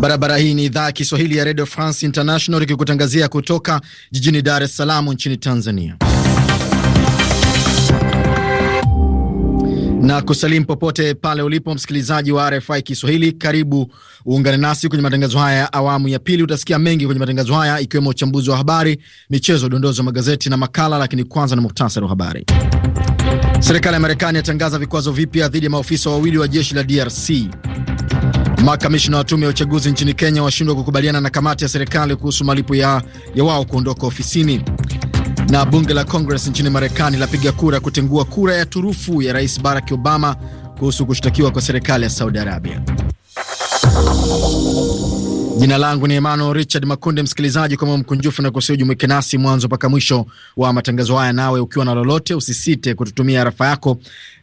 Barabara hii ni idhaa ya Kiswahili ya Radio France International ikikutangazia kutoka jijini Dar es Salaam nchini Tanzania na kusalimu popote pale ulipo msikilizaji wa RFI Kiswahili. Karibu uungane nasi kwenye matangazo haya ya awamu ya pili. Utasikia mengi kwenye matangazo haya, ikiwemo uchambuzi wa habari, michezo, udondozi wa magazeti na makala, lakini kwanza na muhtasari wa habari. Serikali ya Marekani yatangaza vikwazo vipya dhidi ya maofisa wawili wa jeshi la DRC. Makamishina wa tume ya uchaguzi nchini Kenya washindwa kukubaliana na kamati ya serikali kuhusu malipo ya, ya wao kuondoka ofisini. Na bunge la Congress nchini Marekani lapiga kura kutengua kura ya turufu ya Rais Barack Obama kuhusu kushtakiwa kwa serikali ya Saudi Arabia. Jina langu ni Emmanuel Richard Makunde. Msikilizaji, kwa moyo mkunjufu na kusio jumuike nasi mwanzo mpaka mwisho wa matangazo haya, nawe ukiwa na lolote usisite kututumia arafa yako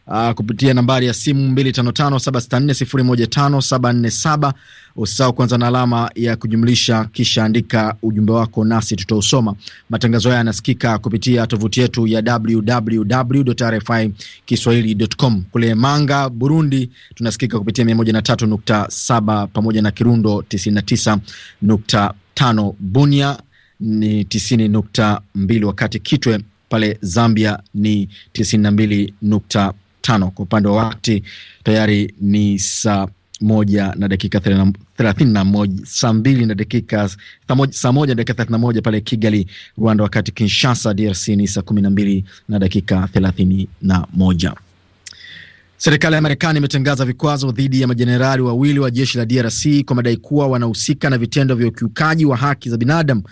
uh, kupitia nambari ya simu 255764015747. Usisahau kwanza na alama ya kujumlisha, kisha andika ujumbe wako nasi tutausoma. Matangazo haya yanasikika kupitia tovuti yetu ya www.rfikiswahili.com. Kule Manga, Burundi, tunasikika kupitia 103.7 pamoja na Kirundo 99.5, Bunia ni 90.2, wakati Kitwe pale Zambia ni 92 tano. Kwa upande wa wakati tayari ni saa moja na dakika thelathini na moja saa mbili na dakika saa moja na dakika thelathini na moja pale Kigali, Rwanda, wakati Kinshasa, DRC ni saa kumi na mbili na dakika thelathini na moja. Serikali ya Marekani imetangaza vikwazo dhidi ya majenerali wawili wa jeshi la DRC kwa madai kuwa wanahusika na vitendo vya ukiukaji wa haki za binadamu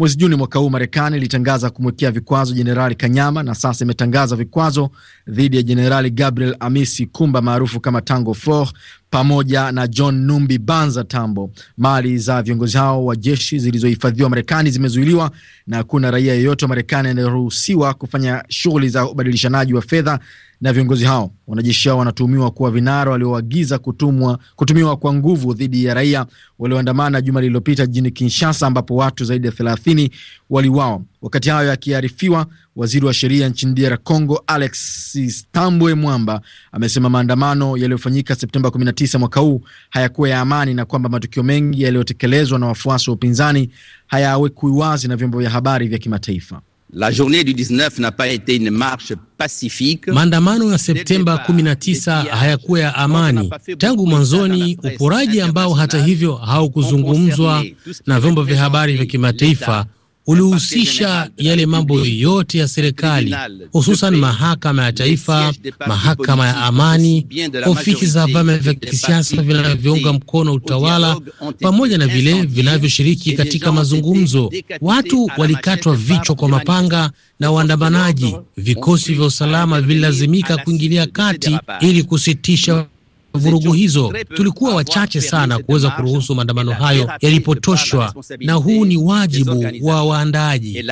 Mwezi Juni mwaka huu Marekani ilitangaza kumwekea vikwazo Jenerali Kanyama na sasa imetangaza vikwazo dhidi ya Jenerali Gabriel Amisi Kumba maarufu kama Tango Flor pamoja na John Numbi Banza Tambo. Mali za viongozi hao wa jeshi zilizohifadhiwa Marekani zimezuiliwa na hakuna raia yeyote wa Marekani anayeruhusiwa kufanya shughuli za ubadilishanaji wa fedha na viongozi hao. Wanajeshi hao wanatuhumiwa kuwa vinara walioagiza kutumwa kutumiwa kwa nguvu dhidi ya raia walioandamana juma lililopita jijini Kinshasa, ambapo watu zaidi ya thelathini waliuawa. Wakati hayo yakiarifiwa, waziri wa sheria nchini DR Congo Alexis Tambwe Mwamba amesema maandamano yaliyofanyika Septemba 19 mwaka huu hayakuwa ya amani na kwamba matukio mengi yaliyotekelezwa na wafuasi wa upinzani hayawekwi wazi na vyombo vya habari vya kimataifa. La journée du 19 n'a pas été une marche pacifique. Maandamano ya Septemba 19 hayakuwa ya amani tangu mwanzoni, uporaji ambao hata hivyo haukuzungumzwa na vyombo vya habari vya kimataifa ulihusisha yale mambo yote ya serikali, hususan mahakama ya taifa, mahakama ya amani, ofisi za vyama vya kisiasa vinavyounga mkono utawala, pamoja na vile vinavyoshiriki katika mazungumzo. Watu walikatwa vichwa kwa mapanga na waandamanaji. Vikosi vya usalama vililazimika kuingilia kati ili kusitisha vurugu hizo tulikuwa wachache sana kuweza kuruhusu maandamano hayo yalipotoshwa, na huu ni wajibu wa waandaaji.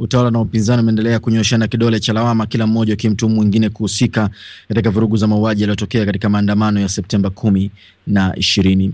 Utawala na upinzani umeendelea kunyoshana kidole cha lawama, kila mmoja akimtuhumu mwingine kuhusika katika vurugu za mauaji yaliyotokea katika maandamano ya Septemba kumi na ishirini.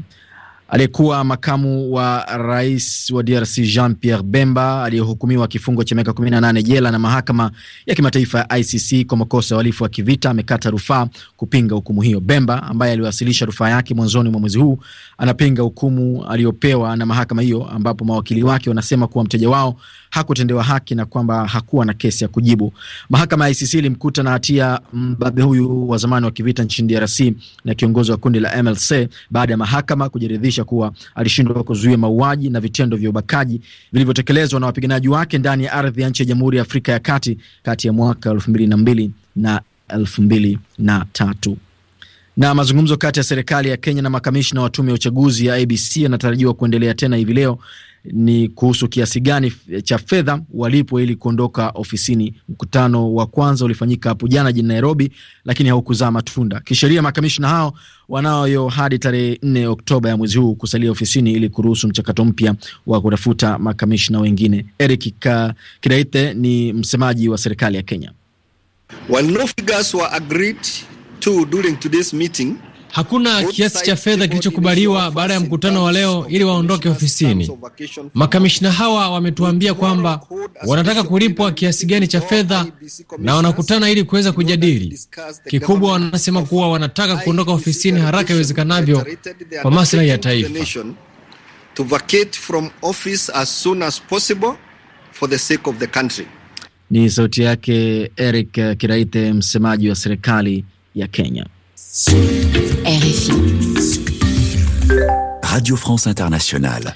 Aliyekuwa makamu wa rais wa DRC Jean Pierre Bemba aliyehukumiwa kifungo cha miaka 18 jela na mahakama ya kimataifa ya ICC kwa makosa ya uhalifu wa kivita amekata rufaa kupinga hukumu hiyo. Bemba ambaye aliwasilisha rufaa yake mwanzoni mwa mwezi huu anapinga hukumu aliyopewa na mahakama hiyo, ambapo mawakili wake wanasema kuwa mteja wao hakutendewa haki na kwamba hakuwa na kesi ya kujibu. Mahakama ya ICC ilimkuta na hatia mbabe huyu wa zamani wa kivita nchini DRC na kiongozi wa kundi la MLC baada ya mahakama kujiridhisha kuwa alishindwa kuzuia mauaji na vitendo vya ubakaji vilivyotekelezwa na wapiganaji wake ndani ya ardhi ya nchi ya Jamhuri ya Afrika ya Kati kati ya mwaka elfu mbili na mbili na elfu mbili na tatu na mazungumzo kati ya serikali ya Kenya na makamishna wa tume ya uchaguzi ya ABC yanatarajiwa kuendelea tena hivi leo ni kuhusu kiasi gani cha fedha walipo ili kuondoka ofisini. Mkutano wa kwanza ulifanyika hapo jana jijini Nairobi, lakini haukuzaa matunda. Kisheria, makamishna hao wanayo hadi tarehe nne Oktoba ya mwezi huu kusalia ofisini ili kuruhusu mchakato mpya wa kutafuta makamishna wengine. Eric Kiraithe ni msemaji wa serikali ya Kenya. While no figures were agreed to during today's meeting Hakuna kiasi cha fedha kilichokubaliwa baada ya mkutano wa leo ili waondoke ofisini. makamishina hawa wametuambia kwamba wanataka kulipwa kiasi gani cha fedha na wanakutana ili kuweza kujadili. Kikubwa wanasema kuwa wanataka kuondoka ofisini haraka iwezekanavyo kwa maslahi ya taifa. Ni sauti yake Eric kiraite msemaji wa serikali ya Kenya. RFI. Radio France Internationale.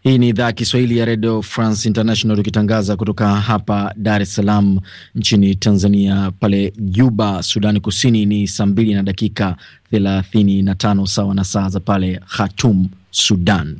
Hii ni idhaa ya Kiswahili ya Radio France International tukitangaza kutoka hapa Dar es Salaam nchini Tanzania. Pale Juba, Sudani Kusini ni saa mbili na dakika 35 sawa na saa za pale Khartoum, Sudan.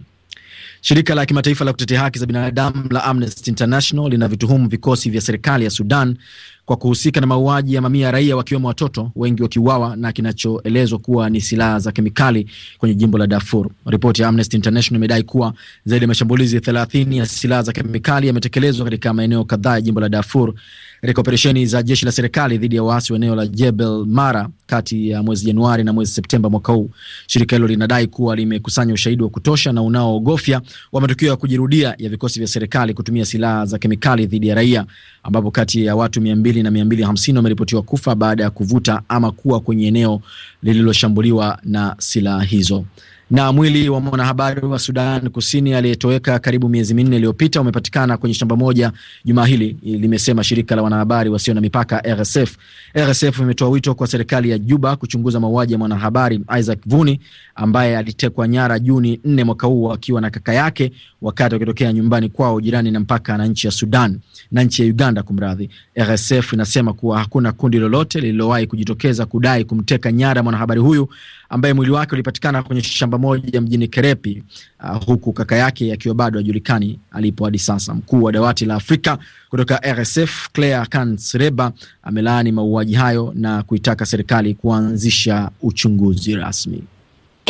Shirika la kimataifa la kutetea haki za binadamu la Amnesty International linavituhumu vikosi vya serikali ya Sudan kwa kuhusika na mauaji ya mamia ya raia wakiwemo watoto wengi wakiuawa na kinachoelezwa kuwa ni silaha za kemikali kwenye jimbo la Darfur. Ripoti ya Amnesty International imedai kuwa zaidi ya mashambulizi 30 ya silaha za kemikali yametekelezwa katika maeneo kadhaa ya jimbo la Darfur katika operesheni za jeshi la serikali dhidi ya waasi wa eneo la Jebel Mara kati ya mwezi Januari na mwezi Septemba mwaka huu. Shirika hilo linadai kuwa limekusanya ushahidi wa kutosha na unaoogofya wa matukio ya kujirudia ya vikosi vya serikali kutumia silaha za kemikali dhidi ya raia ambapo kati ya watu mia mbili mbili na mia mbili hamsini wameripotiwa kufa baada ya kuvuta ama kuwa kwenye eneo lililoshambuliwa na silaha hizo. Na mwili wa mwanahabari wa Sudan Kusini aliyetoweka karibu miezi minne iliyopita umepatikana kwenye shamba moja juma hili, limesema shirika la wanahabari wasio na mipaka RSF. RSF imetoa wito kwa serikali ya Juba kuchunguza mauaji ya mwanahabari Isaac Vuni ambaye alitekwa nyara Juni nne mwaka huu akiwa na kaka yake wakati wakitokea nyumbani kwao jirani na mpaka na nchi ya Sudan na nchi ya Uganda. Kumradhi, RSF inasema kuwa hakuna kundi lolote lililowahi kujitokeza kudai kumteka nyara mwanahabari huyu ambaye mwili wake ulipatikana kwenye shamba moja mjini Kerepi, uh, huku kaka yake akiwa bado hajulikani alipo hadi sasa. Mkuu wa dawati la Afrika kutoka RSF Claire Kansreba amelaani mauaji hayo na kuitaka serikali kuanzisha uchunguzi rasmi.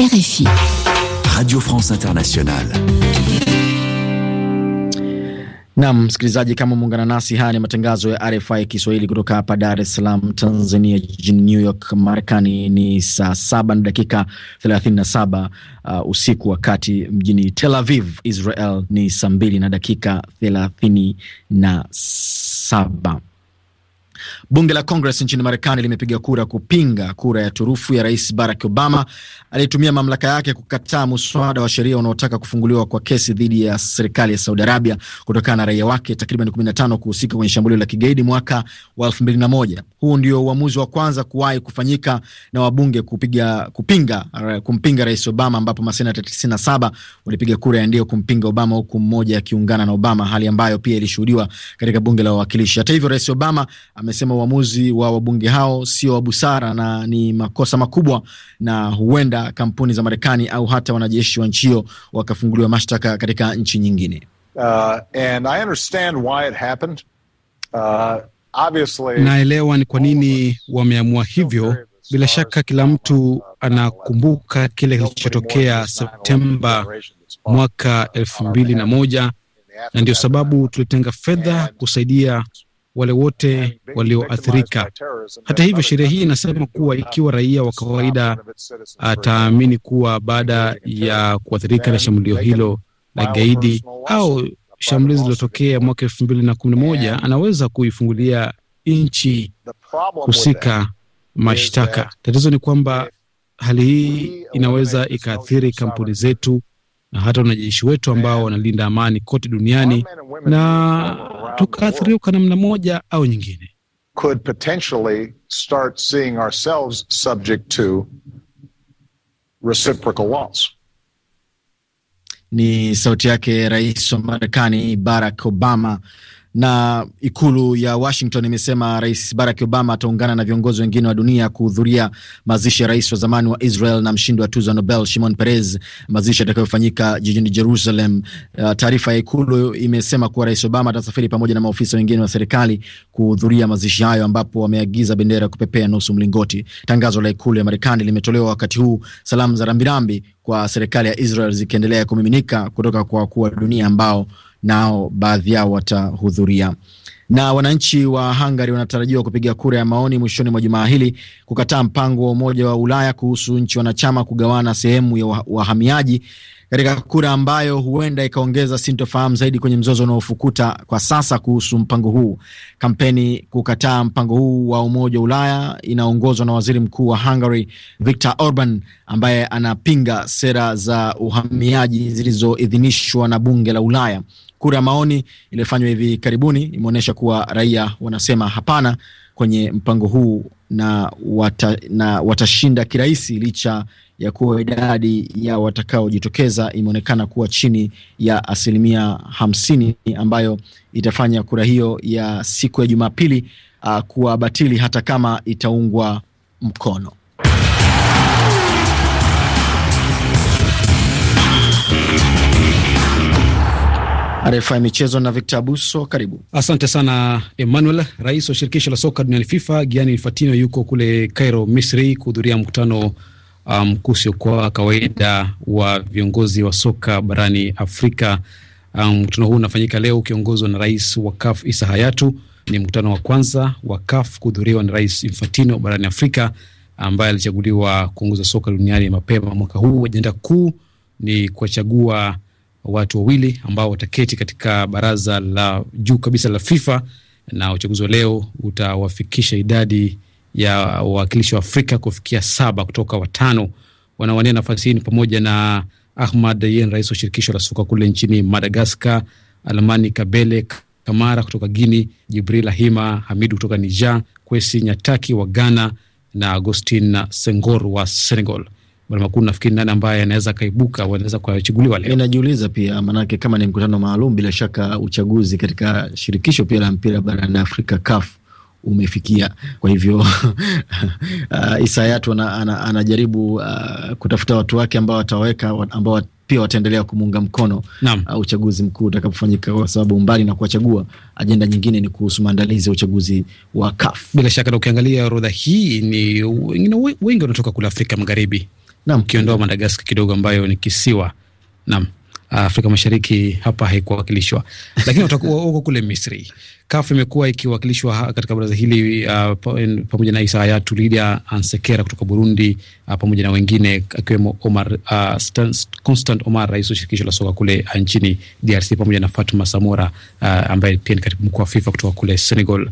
RFI Radio France Internationale Nam msikilizaji, kama umeungana nasi, haya ni matangazo ya RFI Kiswahili kutoka hapa Dar es Salaam, Tanzania, jijini New York, Marekani. Ni saa saba na dakika 37 uh, usiku, wakati mjini Tel Aviv, Israel, ni saa mbili na dakika 37. Bunge la Congress nchini Marekani limepiga kura kupinga kura ya turufu ya Rais Barack Obama aliyetumia mamlaka yake kukataa muswada wa sheria unaotaka kufunguliwa kwa kesi dhidi ya serikali ya Saudi Arabia kutokana na raia wake takriban 15 kuhusika kwenye shambulio la kigaidi mwaka wa 2001. Huu ndio uamuzi wa kwanza kuwahi kufanyika na wabunge kupiga, kupinga, eh, kumpinga Rais Obama ambapo masenata 97 walipiga kura ya ndio kumpinga Obama huku mmoja akiungana na Obama, hali ambayo pia ilishuhudiwa katika bunge la wawakilishi. Hata hivyo, Rais Obama ame amesema uamuzi wa wabunge hao sio wa busara na ni makosa makubwa, na huenda kampuni za Marekani au hata wanajeshi wa nchi hiyo wakafunguliwa mashtaka katika nchi nyingine. Uh, and I understand why it happened. Uh, obviously... naelewa ni kwa nini wameamua hivyo. Bila shaka kila mtu anakumbuka kile kilichotokea Septemba mwaka elfu mbili na moja na ndio sababu tulitenga fedha kusaidia wale wote walioathirika. Hata hivyo, sheria hii inasema kuwa ikiwa raia wa kawaida ataamini kuwa baada ya kuathirika na shambulio hilo la gaidi au shambulizi lililotokea mwaka elfu mbili na kumi na moja anaweza kuifungulia nchi husika mashtaka. Tatizo ni kwamba hali hii inaweza ikaathiri kampuni zetu na hata wanajeshi wetu ambao wanalinda amani kote duniani, na tukaathiriwa kwa namna moja au nyingine. Could potentially start seeing ourselves subject to reciprocal loss. Ni sauti yake Rais wa Marekani Barack Obama na ikulu ya Washington imesema Rais Barack Obama ataungana na viongozi wengine wa dunia kuhudhuria mazishi ya rais wa zamani wa Israel na mshindi wa tuzo ya Nobel Shimon Peres, mazishi yatakayofanyika jijini Jerusalem. Uh, taarifa ya ikulu imesema kuwa Rais Obama atasafiri pamoja na maofisa wengine wa serikali kuhudhuria mazishi hayo, ambapo wameagiza bendera kupepea nusu mlingoti. Tangazo la ikulu ya Marekani limetolewa wakati huu salamu za rambirambi kwa serikali ya Israel zikiendelea kumiminika kutoka kwa wakuu wa dunia ambao nao baadhi yao watahudhuria. Na wananchi wa Hungary wanatarajiwa kupiga kura ya maoni mwishoni mwa jumaa hili kukataa mpango wa Umoja wa Ulaya kuhusu nchi wanachama kugawana sehemu ya wahamiaji katika kura ambayo huenda ikaongeza sintofahamu zaidi kwenye mzozo unaofukuta kwa sasa kuhusu mpango huu. Kampeni kukataa mpango huu wa Umoja wa Ulaya inaongozwa na waziri mkuu wa Hungary Viktor Orban ambaye anapinga sera za uhamiaji zilizoidhinishwa na bunge la Ulaya. Kura ya maoni iliyofanywa hivi karibuni imeonyesha kuwa raia wanasema hapana kwenye mpango huu na, wata, na watashinda kirahisi licha ya kuwa idadi ya watakaojitokeza imeonekana kuwa chini ya asilimia hamsini ambayo itafanya kura hiyo ya siku ya Jumapili uh, kuwa batili hata kama itaungwa mkono. RFI Michezo na Victor Abuso, karibu. Asante sana Emmanuel. Rais wa shirikisho la soka duniani FIFA Gianni Infantino yuko kule Cairo, Misri, kuhudhuria mkutano mkuu um, usiokuwa kawaida wa viongozi wa soka barani Afrika. Um, mkutano um, huu unafanyika leo ukiongozwa na rais wa CAF Isa Hayatu. Ni mkutano wa kwanza wa CAF kuhudhuriwa na Rais Infantino barani Afrika, ambaye alichaguliwa kuongoza soka duniani mapema mwaka huu. Ajenda kuu ni kuwachagua watu wawili ambao wataketi katika baraza la juu kabisa la FIFA na uchaguzi wa leo utawafikisha idadi ya wawakilishi wa Afrika kufikia saba kutoka watano. Wanawania nafasi hii ni pamoja na Ahmad Yen, rais wa shirikisho la soka kule nchini Madagaskar, Almani Kabele Kamara kutoka Guini, Jibril Ahima Hamidu kutoka Niger, Kwesi Nyataki wa Ghana na Agostin Senghor wa Senegal bwana makuu, nafikiri nani ambaye anaweza akaibuka wanaweza kuwachaguliwa leo? Ninajiuliza pia maanake, kama ni mkutano maalum, bila shaka uchaguzi katika shirikisho pia la mpira barani Afrika CAF umefikia kwa hivyo uh, Isayatu anajaribu ana, ana uh, kutafuta watu wake ambao wataweka ambao pia wataendelea kumuunga mkono uh, uchaguzi mkuu utakapofanyika, kwa sababu mbali na kuwachagua, ajenda nyingine ni kuhusu maandalizi ya uchaguzi wa CAF. Bila shaka na ukiangalia orodha hii ni wengine wengi wanatoka kule Afrika Magharibi ukiondoa Madagaskar kidogo ambayo ni kisiwa nam Afrika Mashariki hapa haikuwakilishwa, lakini utakuwa huko kule Misri. CAF imekuwa ikiwakilishwa katika baraza hili uh, pamoja na Isa Hayatu, Lidia Ansekera kutoka Burundi uh, pamoja na wengine akiwemo Omar uh, Constant Omar, rais wa shirikisho la soka kule uh, nchini DRC, pamoja na Fatuma Samora uh, ambaye pia ni katibu mkuu wa FIFA kutoka kule Senegal.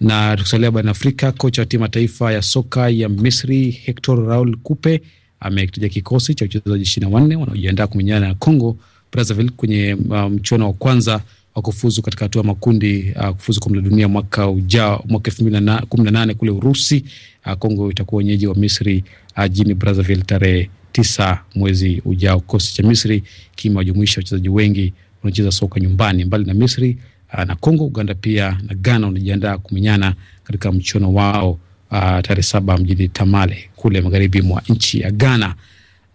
Na tukisalia barani Afrika, kocha wa timu ya taifa ya soka ya Misri Hector Raul Kupe amekitaja kikosi cha wachezaji ishirini na wanne wanaojiandaa kumenyana na Congo Brazzaville kwenye uh, mchuano um, wa kwanza wa kufuzu katika hatua makundi uh, kufuzu kombe la dunia mwaka ujao mwaka elfu mbili kumi na nane kule Urusi. Uh, Congo itakuwa wenyeji wa Misri uh, jini Brazzaville tarehe tisa mwezi ujao. Kikosi cha Misri kimewajumuisha wachezaji wengi wanaocheza soka nyumbani. Mbali na Misri uh, na congo Uganda pia na Ghana wanajiandaa kumenyana katika mchuano wao uh, tarehe saba mjini Tamale kule magharibi mwa nchi ya Ghana.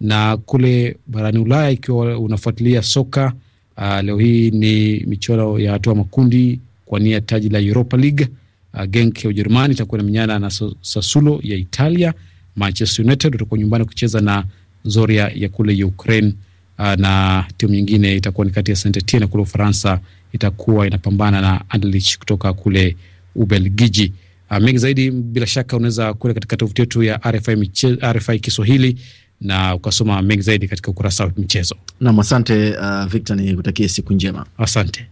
Na kule barani Ulaya, ikiwa unafuatilia soka uh, leo hii ni michuano ya hatua makundi kwa nia taji la Europa League. Uh, Genk ya Ujerumani itakuwa na inamenyana na Sassuolo ya Italia. Manchester United utakuwa nyumbani kucheza na Zorya ya kule Ukraine. Uh, na timu nyingine itakuwa ni kati ya Saint Etienne kule Ufaransa, itakuwa inapambana na Anderlecht kutoka kule Ubelgiji. Uh, mengi zaidi bila shaka unaweza kuenda katika tovuti yetu ya RFI, miche, RFI Kiswahili na ukasoma mengi zaidi katika ukurasa wa michezo. Nam, asante uh, Victor, ni kutakia siku njema, asante.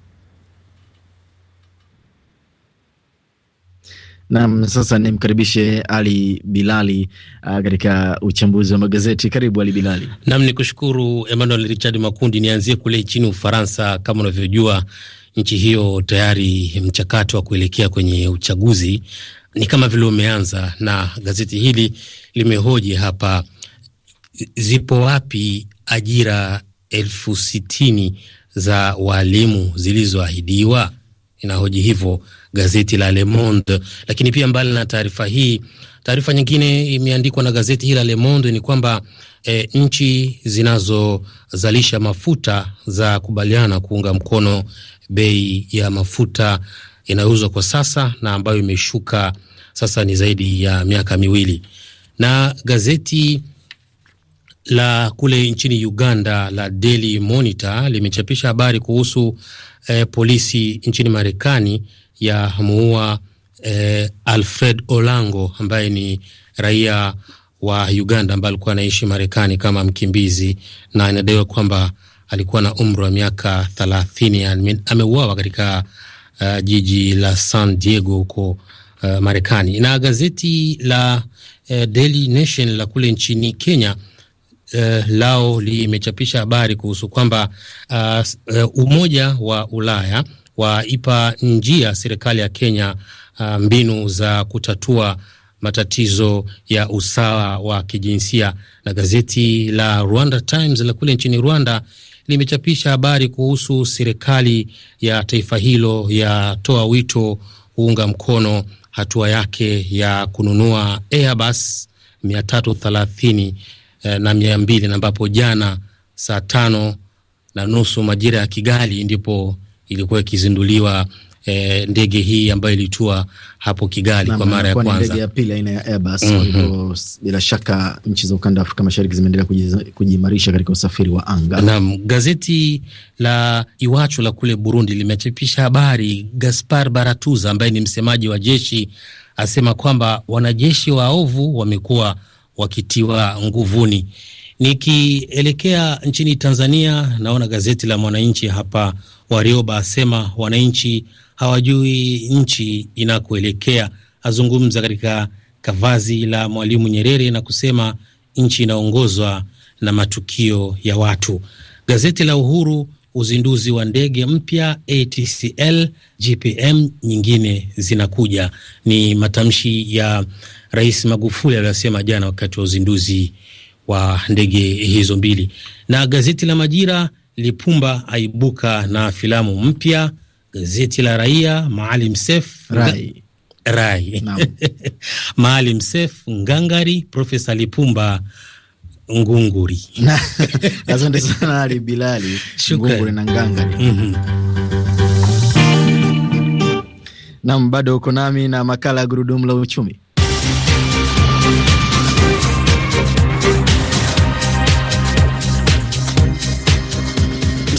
Nam, sasa nimkaribishe Ali Bilali uh, katika uh, uchambuzi wa magazeti. Karibu Ali Bilali. Nam, ni kushukuru Emmanuel Richard Makundi. Nianzie kule nchini Ufaransa, kama unavyojua nchi hiyo tayari mchakato wa kuelekea kwenye uchaguzi ni kama vile umeanza, na gazeti hili limehoji hapa, zipo wapi ajira elfu sitini za waalimu zilizoahidiwa? Inahoji hivyo gazeti la Le Monde. Lakini pia mbali na taarifa hii, taarifa nyingine imeandikwa na gazeti hili la Le Monde ni kwamba e, nchi zinazozalisha mafuta za kubaliana kuunga mkono bei ya mafuta inayouzwa kwa sasa na ambayo imeshuka sasa ni zaidi ya miaka miwili. Na gazeti la kule nchini Uganda la Daily Monitor limechapisha habari kuhusu eh, polisi nchini Marekani ya muua eh, Alfred Olango ambaye ni raia wa Uganda ambaye alikuwa anaishi Marekani kama mkimbizi na inadaiwa kwamba alikuwa na umri wa miaka thelathini ameuawa katika uh, jiji la San Diego huko uh, Marekani. Na gazeti la uh, Daily Nation la kule nchini Kenya uh, lao limechapisha habari kuhusu kwamba uh, uh, Umoja wa Ulaya waipa njia serikali ya Kenya uh, mbinu za kutatua matatizo ya usawa wa kijinsia. Na gazeti la Rwanda Times la kule nchini Rwanda limechapisha habari kuhusu serikali ya taifa hilo yatoa wito kuunga mkono hatua yake ya kununua Airbus 330 eh, na 200 ambapo jana saa tano na nusu majira ya Kigali ndipo ilikuwa ikizinduliwa e, ndege hii ambayo ilitua hapo Kigali na kwa mara ya kwanza, ndege ya pili aina ya Airbus. Kwa mhm. hivyo bila shaka nchi za ukanda wa Afrika Mashariki zimeendelea kujiimarisha katika usafiri wa anga. Naam, gazeti la iwacho la kule Burundi limechapisha habari, Gaspar Baratuza ambaye ni msemaji wa jeshi asema kwamba wanajeshi waovu wamekuwa wakitiwa nguvuni. Nikielekea nchini Tanzania, naona gazeti la Mwananchi hapa Warioba asema wananchi hawajui nchi inakoelekea. Azungumza katika kavazi la Mwalimu Nyerere na kusema nchi inaongozwa na matukio ya watu. Gazeti la Uhuru, uzinduzi wa ndege mpya ATCL GPM nyingine zinakuja, ni matamshi ya Rais Magufuli aliyosema jana wakati wa uzinduzi wa ndege hizo mbili. Na gazeti la Majira, Lipumba aibuka na filamu mpya gazeti la Raia, Maalim Sef Rai, Rai. Maalim Sef Ngangari, Profesa Lipumba Ngunguri. Asante sana Ali Bilali, Ngunguri na Ngangari. mm -hmm. Nam, bado uko nami na makala ya gurudumu la uchumi.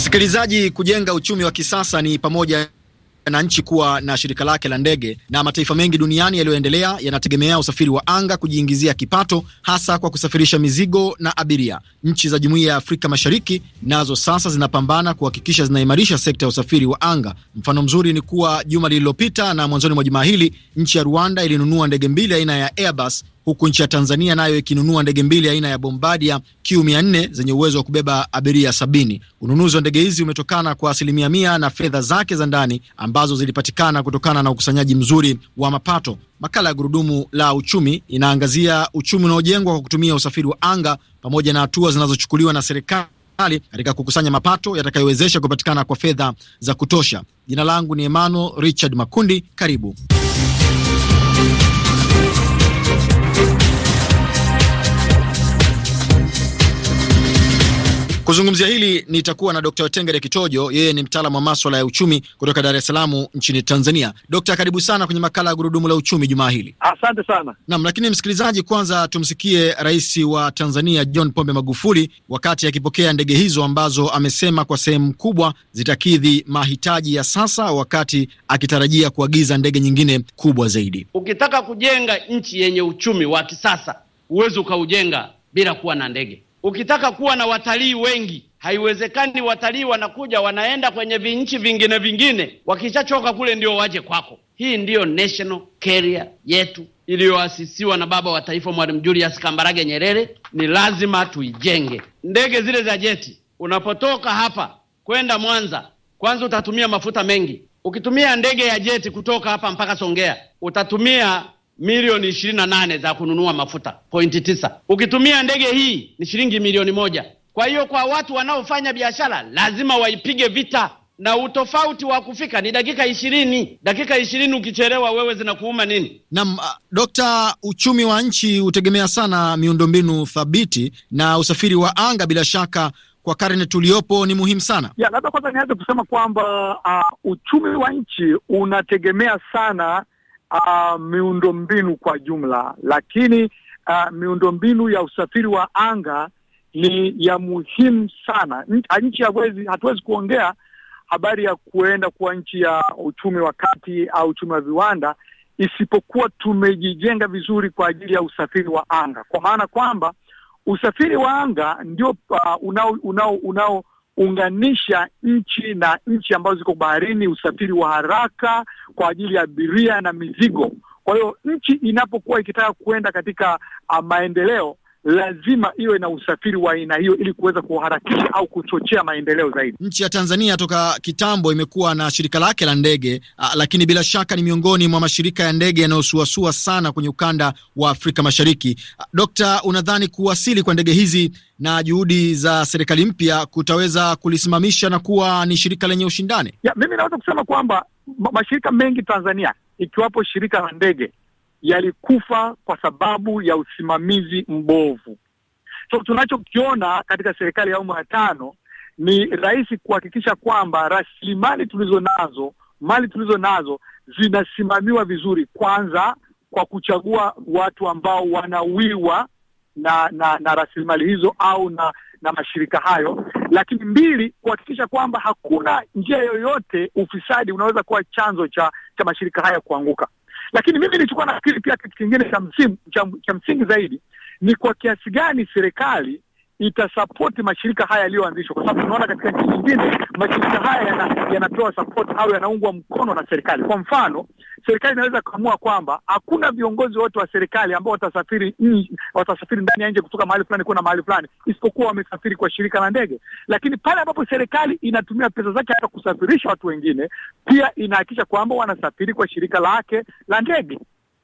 Msikilizaji, kujenga uchumi wa kisasa ni pamoja na nchi kuwa na shirika lake la ndege, na mataifa mengi duniani yaliyoendelea yanategemea usafiri wa anga kujiingizia kipato, hasa kwa kusafirisha mizigo na abiria. Nchi za Jumuiya ya Afrika Mashariki nazo sasa zinapambana kuhakikisha zinaimarisha sekta ya usafiri wa anga. Mfano mzuri ni kuwa juma lililopita na mwanzoni mwa jumaa hili, nchi ya Rwanda ilinunua ndege mbili aina ya Airbus huku nchi ya Tanzania nayo ikinunua ndege mbili aina ya Bombardier Q400 zenye uwezo wa kubeba abiria sabini. Ununuzi wa ndege hizi umetokana kwa asilimia mia na fedha zake za ndani ambazo zilipatikana kutokana na ukusanyaji mzuri wa mapato. Makala ya Gurudumu la Uchumi inaangazia uchumi unaojengwa kwa kutumia usafiri wa anga pamoja na hatua zinazochukuliwa na serikali katika kukusanya mapato yatakayowezesha kupatikana kwa fedha za kutosha. Jina langu ni Emmanuel Richard Makundi, karibu Kuzungumzia hili nitakuwa na Dr. Tengere Kitojo, yeye ni mtaalamu wa maswala ya uchumi kutoka Dar es Salaam nchini Tanzania. Dokta, karibu sana kwenye makala ya gurudumu la uchumi jumaa hili. Asante sana. nam lakini msikilizaji, kwanza tumsikie Rais wa Tanzania John Pombe Magufuli wakati akipokea ndege hizo ambazo amesema kwa sehemu kubwa zitakidhi mahitaji ya sasa, wakati akitarajia kuagiza ndege nyingine kubwa zaidi. Ukitaka kujenga nchi yenye uchumi wa kisasa, huwezi ukaujenga bila kuwa na ndege. Ukitaka kuwa na watalii wengi, haiwezekani watalii wanakuja wanaenda kwenye vinchi vingine vingine, wakishachoka kule ndio waje kwako. Hii ndiyo national carrier yetu iliyoasisiwa na baba wa taifa Mwalimu Julius Kambarage Nyerere. Ni lazima tuijenge. Ndege zile za jeti, unapotoka hapa kwenda Mwanza, kwanza utatumia mafuta mengi. Ukitumia ndege ya jeti kutoka hapa mpaka Songea, utatumia milioni ishirini na nane za kununua mafuta pointi tisa. Ukitumia ndege hii ni shilingi milioni moja. Kwa hiyo kwa watu wanaofanya biashara lazima waipige vita, na utofauti wa kufika ni dakika ishirini. Dakika ishirini ukichelewa wewe zinakuuma nini? Naam, ah, Dokta, uchumi wa nchi hutegemea sana miundombinu thabiti na usafiri wa anga, bila shaka kwa karne tuliopo ni muhimu sana. Labda kwanza nianze kusema kwamba uh, uchumi wa nchi unategemea sana uh, miundombinu kwa jumla, lakini uh, miundombinu ya usafiri wa anga ni ya muhimu sana. Nchi uh, hawezi, hatuwezi kuongea habari ya kuenda kuwa nchi ya uchumi wa kati au uchumi wa viwanda isipokuwa tumejijenga vizuri kwa ajili ya usafiri wa anga, kwa maana kwamba usafiri wa anga ndio uh, unao unao unao unganisha nchi na nchi ambazo ziko baharini, usafiri wa haraka kwa ajili ya abiria na mizigo. Kwa hiyo nchi inapokuwa ikitaka kuenda katika ah, maendeleo lazima iwe na usafiri wa aina hiyo ili kuweza kuharakisha au kuchochea maendeleo zaidi. Nchi ya Tanzania toka kitambo imekuwa na shirika lake la ndege, lakini bila shaka ni miongoni mwa mashirika ya ndege yanayosuasua sana kwenye ukanda wa Afrika Mashariki. Dokta, unadhani kuwasili kwa ndege hizi na juhudi za serikali mpya kutaweza kulisimamisha na kuwa ni shirika lenye ushindani? Ya, mimi naweza kusema kwamba mashirika mengi Tanzania ikiwapo shirika la ndege yalikufa kwa sababu ya usimamizi mbovu. So tunachokiona katika serikali ya awamu ya tano ni rahisi kuhakikisha kwamba rasilimali tulizo nazo, mali tulizo nazo zinasimamiwa vizuri, kwanza kwa kuchagua watu ambao wanawiwa na na, na rasilimali hizo au na na mashirika hayo, lakini mbili, kuhakikisha kwamba hakuna njia yoyote ufisadi unaweza kuwa chanzo cha cha mashirika haya kuanguka. Lakini mimi nilichukua nafikiri pia kitu kingine cha msingi zaidi ni kwa kiasi gani serikali itasapoti mashirika haya yaliyoanzishwa, kwa sababu tunaona katika nchi nyingine mashirika haya yana, yanatoa sapoti au yanaungwa mkono na serikali. Kwa mfano, serikali inaweza kuamua kwamba hakuna viongozi wote wa serikali ambao watasafiri watasafiri ndani ya nje kutoka mahali fulani kuna mahali fulani, isipokuwa wamesafiri kwa shirika la ndege. Lakini pale ambapo serikali inatumia pesa zake hata kusafirisha watu wengine, pia inahakikisha kwamba wanasafiri kwa shirika lake la ndege.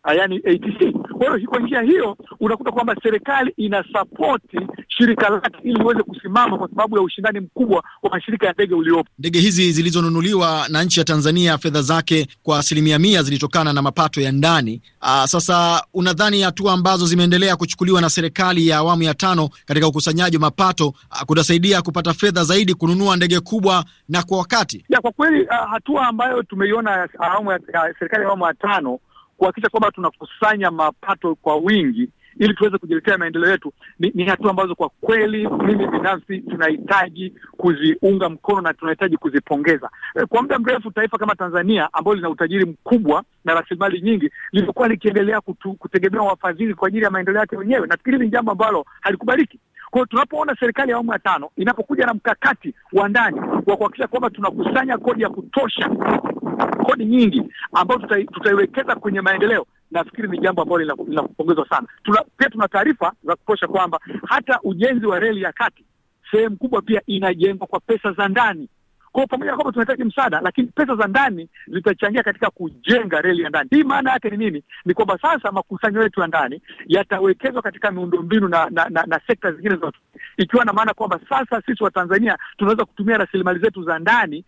Ah, yani ATC. Eh, kwa hiyo kwa njia hiyo unakuta kwamba serikali inasapoti shirika lake ili liweze kusimama kwa sababu ya ushindani mkubwa wa mashirika ya ndege uliopo. Ndege hizi zilizonunuliwa na nchi ya Tanzania, fedha zake kwa asilimia mia zilitokana na mapato ya ndani. Aa, ah, sasa unadhani hatua ambazo zimeendelea kuchukuliwa na serikali ya awamu ya tano katika ukusanyaji wa mapato ah, kutasaidia kupata fedha zaidi kununua ndege kubwa na kwa wakati? Ya, kwa kweli hatua ambayo tumeiona awamu ya, ya serikali ya awamu ya tano kuhakikisha kwamba tunakusanya mapato kwa wingi ili tuweze kujiletea maendeleo yetu, ni, ni hatua ambazo kwa kweli mimi binafsi tunahitaji kuziunga mkono na tunahitaji kuzipongeza. E, kwa muda mrefu taifa kama Tanzania ambalo lina utajiri mkubwa na rasilimali nyingi limekuwa likiendelea kutegemea wafadhili kwa ajili ya maendeleo yake wenyewe. Nafikiri ni jambo ambalo halikubaliki. Kwa hiyo tunapoona serikali ya awamu ya tano inapokuja na mkakati wa ndani wa kuhakikisha kwamba tunakusanya kodi ya kutosha, kodi nyingi ambayo tutaiwekeza tuta kwenye maendeleo, nafikiri ni jambo ambalo linakupongezwa sana. Tuna, pia tuna taarifa za kutosha kwamba hata ujenzi wa reli ya kati sehemu kubwa pia inajengwa kwa pesa za ndani kwa pamoja na kwamba tunahitaji msaada, lakini pesa za ndani zitachangia katika kujenga reli ya ndani. Hii maana yake ni nini? Ni kwamba sasa makusanyo yetu ya ndani yatawekezwa katika miundombinu na, na, na, na sekta zingine zote, ikiwa na maana kwamba sasa sisi Watanzania tunaweza kutumia rasilimali zetu za ndani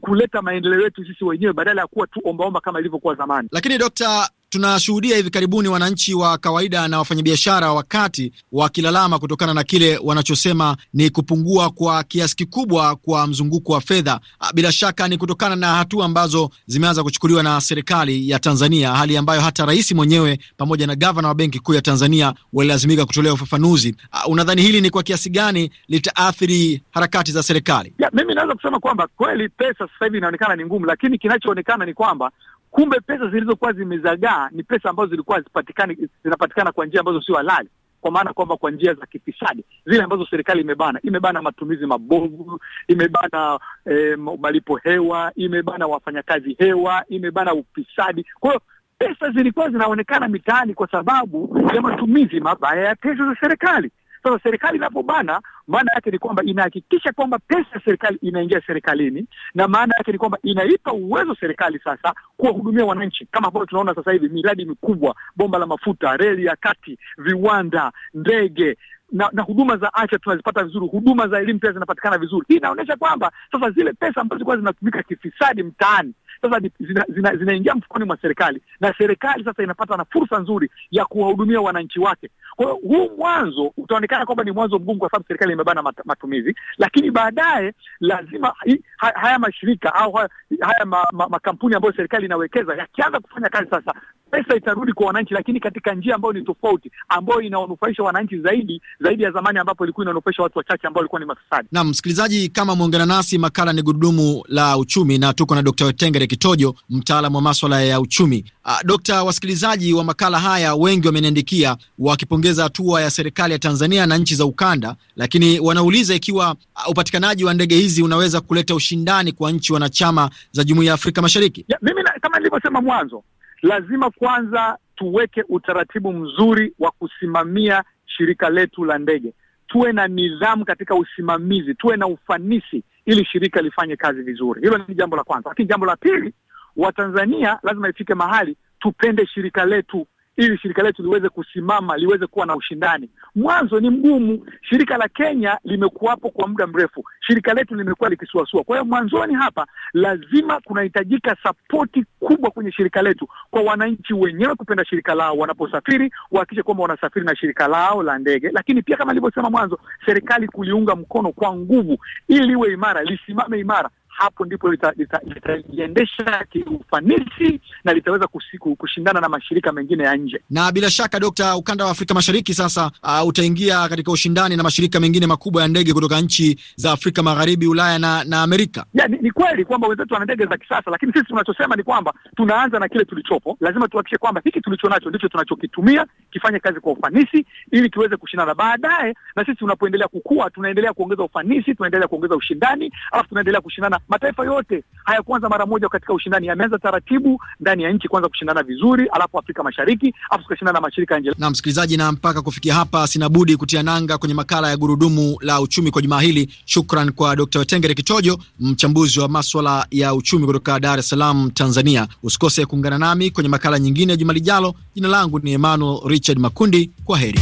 kuleta maendeleo yetu sisi wenyewe badala ya kuwa tu ombaomba kama ilivyokuwa zamani. Lakini Dokta, Tunashuhudia hivi karibuni wananchi wa kawaida na wafanyabiashara wakati wakilalama kutokana na kile wanachosema ni kupungua kwa kiasi kikubwa kwa mzunguko wa fedha. Ah, bila shaka ni kutokana na hatua ambazo zimeanza kuchukuliwa na serikali ya Tanzania, hali ambayo hata rais mwenyewe pamoja na gavana wa Benki Kuu ya Tanzania walilazimika kutolea ufafanuzi. Ah, unadhani hili ni kwa kiasi gani litaathiri harakati za serikali? Ya, mimi naweza kusema kwamba kweli pesa sasa hivi inaonekana ni ngumu, lakini kinachoonekana ni kwamba Kumbe pesa zilizokuwa zimezagaa ni pesa ambazo zilikuwa zipatikani zinapatikana kwa njia ambazo sio halali kwa maana kwamba kwa njia za kifisadi zile ambazo serikali imebana, imebana matumizi mabovu, imebana e, malipo hewa, imebana wafanyakazi hewa, imebana ufisadi. Kwa hiyo pesa zilikuwa zinaonekana mitaani kwa sababu ya matumizi mabaya ya pesa za serikali. Sasa serikali inapobana, maana yake ni kwamba inahakikisha kwamba pesa ya serikali inaingia serikalini, na maana yake ni kwamba inaipa uwezo serikali sasa kuwahudumia wananchi, kama ambavyo tunaona sasa hivi miradi mikubwa, bomba la mafuta, reli ya kati, viwanda, ndege na, na huduma za afya tunazipata vizuri, huduma za elimu pia zinapatikana vizuri. Hii inaonyesha kwamba sasa zile pesa ambazo zilikuwa zinatumika kifisadi mtaani sasa zinaingia zina, zina mfukoni mwa serikali, na serikali sasa inapata na fursa nzuri ya kuwahudumia wananchi wake. Kwa hiyo huu mwanzo utaonekana kwamba ni mwanzo mgumu, kwa sababu serikali imebana mat, matumizi, lakini baadaye lazima hi, haya mashirika au haya, haya ma, ma, makampuni ambayo serikali inawekeza yakianza kufanya kazi sasa pesa itarudi kwa wananchi, lakini katika njia ambayo ni tofauti, ambayo inawanufaisha wananchi zaidi zaidi ya zamani ambapo ilikuwa inawanufaisha watu wachache ambao walikuwa ni mafisadi. Naam, msikilizaji, kama mwongana nasi, makala ni gurudumu la uchumi na tuko na Dkt. Wetengere Kitojo, mtaalamu wa maswala ya uchumi. Ah, dokta, wasikilizaji wa makala haya wengi wameniandikia wakipongeza kupongeza hatua ya serikali ya Tanzania na nchi za ukanda, lakini wanauliza ikiwa uh, upatikanaji wa ndege hizi unaweza kuleta ushindani kwa nchi wanachama za Jumuiya ya Afrika Mashariki. Ya, mimi na, kama nilivyosema mwanzo, lazima kwanza tuweke utaratibu mzuri wa kusimamia shirika letu la ndege, tuwe na nidhamu katika usimamizi, tuwe na ufanisi ili shirika lifanye kazi vizuri. Hilo ni jambo la kwanza, lakini jambo la pili, Watanzania lazima ifike mahali tupende shirika letu ili shirika letu liweze kusimama liweze kuwa na ushindani. Mwanzo ni mgumu, shirika la Kenya limekuwapo kwa muda mrefu, shirika letu limekuwa likisuasua. Kwa hiyo mwanzoni hapa lazima kunahitajika sapoti kubwa kwenye shirika letu, kwa wananchi wenyewe kupenda shirika lao, wanaposafiri wahakikishe kwamba wanasafiri na shirika lao la ndege, lakini pia kama ilivyosema mwanzo, serikali kuliunga mkono kwa nguvu, ili liwe imara, lisimame imara hapo ndipo litaiendesha lita, lita, kiufanisi na litaweza kusiku, kushindana na mashirika mengine ya nje. Na bila shaka Dokta, ukanda wa Afrika Mashariki sasa uh, utaingia katika ushindani na mashirika mengine makubwa ya ndege kutoka nchi za Afrika Magharibi, Ulaya na, na Amerika. Ya, ni, ni kweli kwamba wenzetu wana ndege za kisasa, lakini sisi tunachosema ni kwamba tunaanza na kile tulichopo. Lazima tuhakikishe kwamba hiki tulicho nacho ndicho tunachokitumia kifanye kazi kwa ufanisi ili kiweze kushindana baadaye, na sisi tunapoendelea kukua tunaendelea kuongeza ufanisi, tunaendelea kuongeza ushindani, alafu tunaendelea kushindana mataifa yote hayakuanza mara moja katika ushindani, yameanza taratibu ndani ya nchi, kwanza kushindana vizuri, alafu Afrika Mashariki, alafu tukashindana na mashirika ya nje. Na msikilizaji, na mpaka kufikia hapa sina budi kutia nanga kwenye makala ya gurudumu la uchumi kwa jumaa hili. Shukran kwa Dr. Wetengere Kitojo, mchambuzi wa maswala ya uchumi kutoka Dar es Salaam, Tanzania. Usikose kuungana nami kwenye makala nyingine juma lijalo. Jina langu ni Emmanuel Richard Makundi, kwa heri.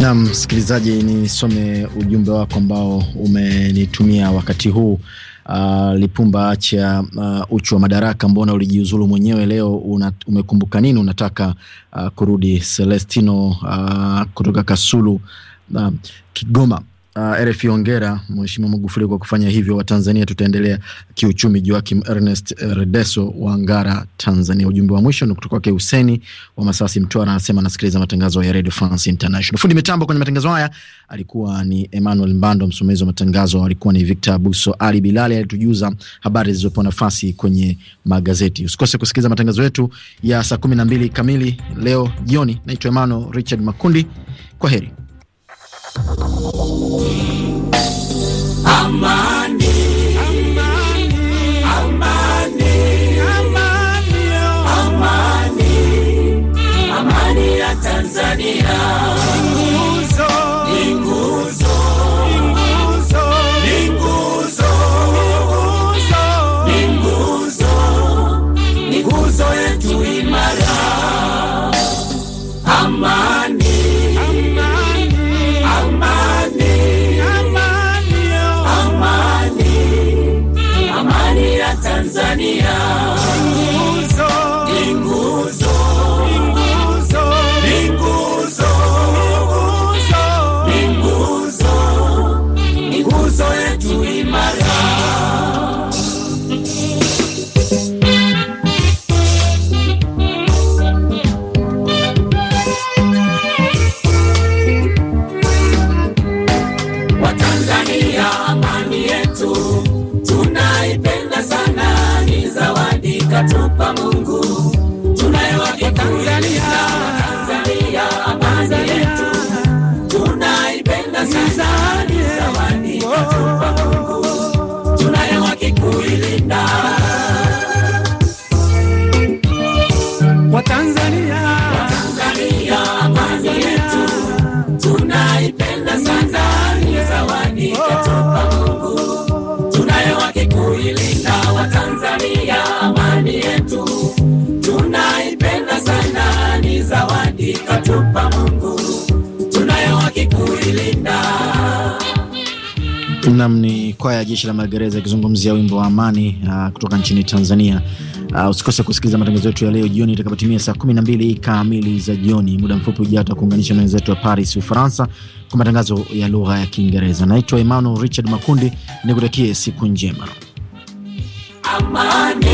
Na msikilizaji, nisome ujumbe wako ambao umenitumia wakati huu. Uh, Lipumba, acha uh, ah, uchu wa madaraka, mbona ulijiuzulu mwenyewe leo? Una, umekumbuka nini? Unataka uh, kurudi? Celestino uh, kutoka Kasulu uh, Kigoma Uh, RFI ongera Mheshimiwa Magufuli kwa kufanya hivyo. Watanzania tutaendelea kiuchumi. Joakim Ernest uh, Redeso wa Ngara, Tanzania. Ujumbe wa mwisho ni kutoka kwake Huseni wa Masasi, Mtwara, anasema anasikiliza matangazo ya Radio France International. Fundi mitambo kwenye matangazo haya alikuwa ni Emmanuel Mbando, msimamizi wa matangazo alikuwa ni Victor Buso. Ali Bilali alitujuza habari zilizopewa nafasi kwenye magazeti. Usikose kusikiliza matangazo yetu ya saa kumi na mbili kamili leo jioni. Naitwa Emmanuel Richard Makundi, kwa heri amani, amani, amani, Tanzania. Nam ni kwaya ya jeshi la magereza akizungumzia wimbo wa amani uh, kutoka nchini Tanzania. Uh, usikose kusikiliza matangazo yetu ya leo jioni itakapotimia saa kumi na mbili kamili za jioni. Muda mfupi ujao tutakuunganisha na wenzetu wa Paris, Ufaransa, kwa matangazo ya lugha ya Kiingereza. Naitwa Emmanuel Richard Makundi, nikutakie siku njema. Amani.